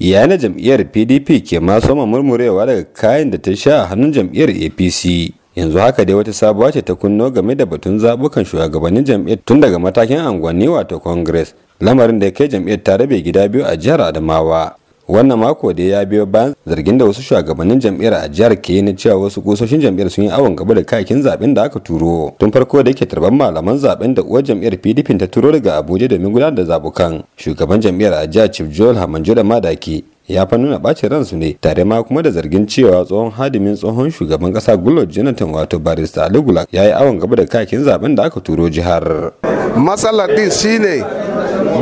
yayin jam'iyyar pdp ke ma soma murmurewa daga kayan da ta sha a hannun jam'iyyar apc yanzu haka dai wata sabuwa ce ta kunno game da batun zabukan shugabannin jam'iyyar tun daga matakin anguwanni wato congress lamarin da ya kai jam'iyyar ta rabe gida biyu a jihar adamawa wannan mako da ya biyo bayan zargin da wasu shugabannin jam'iyyar a jihar ke na cewa wasu kusoshin jam'iyyar sun yi awon gaba da kayakin zaben da aka turo tun farko da yake tarban malaman zaben da uwar jam'iyyar pdp ta turo daga abuja domin gudanar da zabukan shugaban jam'iyyar a jihar chief joel hamanjo madaki ya fa nuna ɓacin ransu ne tare ma kuma da zargin cewa tsohon hadimin tsohon shugaban ƙasa goodluck jonathan wato barista ali gulak ya yi awon gaba da kayakin zaben da aka turo jihar matsalar din shine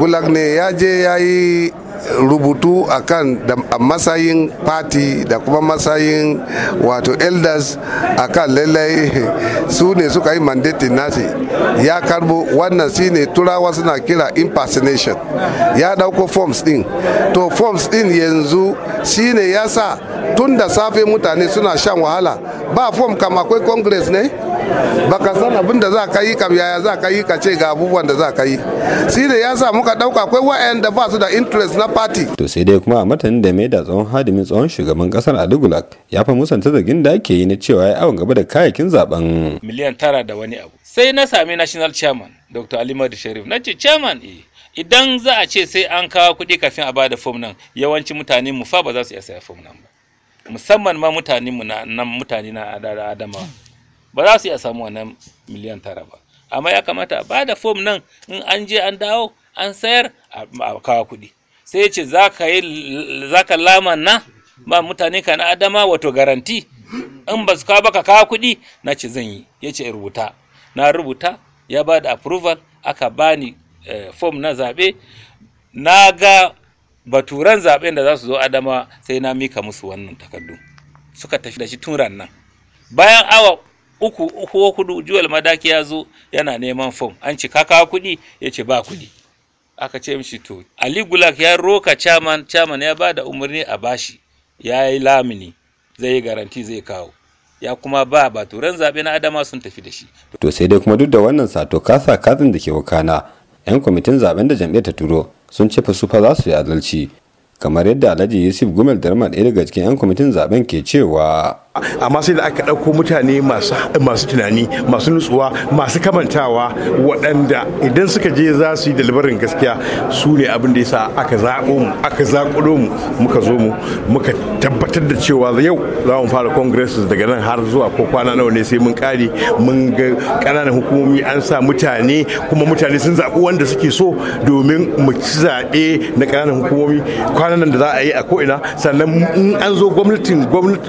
gulag ne ya je ya yi rubutu akan da matsayin party da kuma matsayin wato elders akan lallai su ne suka yi mandatin nasi ya karbo wannan shine turawa suna kira impersonation ya dauko forms din to forms din yanzu shine ya sa tun da safe mutane suna shan wahala ba form kam akwai congress ne baka san abin da za ka yi kam yaya za ka yi ka ce ga abubuwan da za ka yi shine ya sa muka dauka akwai wa'anda ba su da interest na party to sai dai kuma a matanin da mai da tsohon hadimin tsohon shugaban kasar adugulak ya fa musanta zargin da ake yi na cewa ya awon gaba da kayakin zaben miliyan tara da wani abu sai na sami national chairman dr alimadu sharif na ce chairman eh idan za a ce sai an kawo kuɗi kafin a bada fom nan yawanci mutane mu fa ba za su iya saya fom nan ba musamman ma mutane mu nan mutane na adama ba za su iya samu wannan miliyan tara ba amma ya kamata a bada fom nan in an je an dawo an sayar a kawo kuɗi sai ce za ka lama nan ba mutane ka na adama wato garanti in ba su kawo baka kawo kuɗi na ce zan yi ya ce rubuta na rubuta ya ba da approval aka bani eh, fom na zaɓe na ga baturan zaɓen da za su zo adama sai na mika musu wannan takardu suka tafi da shi tun nan. bayan awa uku ko hudu juwal madaki ya zo yana neman fom an ci ka kawo kuɗi ya ce ba kuɗi aka ce mishi to ali gulak ya roka chairman chairman ya bada umarni a bashi ya yi lamini zai yi garanti zai kawo ya kuma ba ba baturan zaɓe na adama sun tafi da shi to sai dai kuma duk da wannan sato kasa katin da ke wakana yan kwamitin zaben da jam'iyyar ta turo sun ce fa su fa za su yi adalci kamar yadda alhaji yusuf gumel darman ɗaya daga cikin yan kwamitin zaben ke cewa amma sai da aka ɗauko mutane masu tunani masu nutsuwa masu kamantawa waɗanda idan suka je za su yi labarin gaskiya su ne abin da ya sa aka zaɓo mu aka zaƙulo mu muka zo mu muka tabbatar da cewa yau za mu fara congresses daga nan har zuwa ko kwana nawa ne sai mun kare mun ga ƙananan hukumomi an sa mutane kuma mutane sun zaɓi wanda suke so domin mu ci zaɓe na ƙananan hukumomi kwanan da za a yi a ko'ina sannan in an zo gwamnatin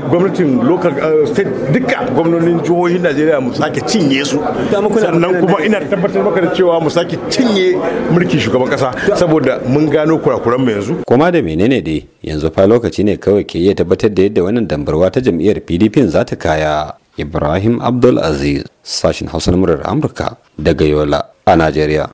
gwamnatin ɗaukar eh, state duka gwamnonin jihohin najeriya mu sake cinye su sannan kuma ina tabbatar maka da cewa mu sake cinye mulki shugaban kasa saboda mun gano kurakuran mu yanzu kuma da menene dai yanzu fa lokaci ne kawai ke iya tabbatar da yadda wannan dambarwa ta jam'iyyar pdp za ta kaya ibrahim abdul aziz sashin hausa na murar amurka daga yola a najeriya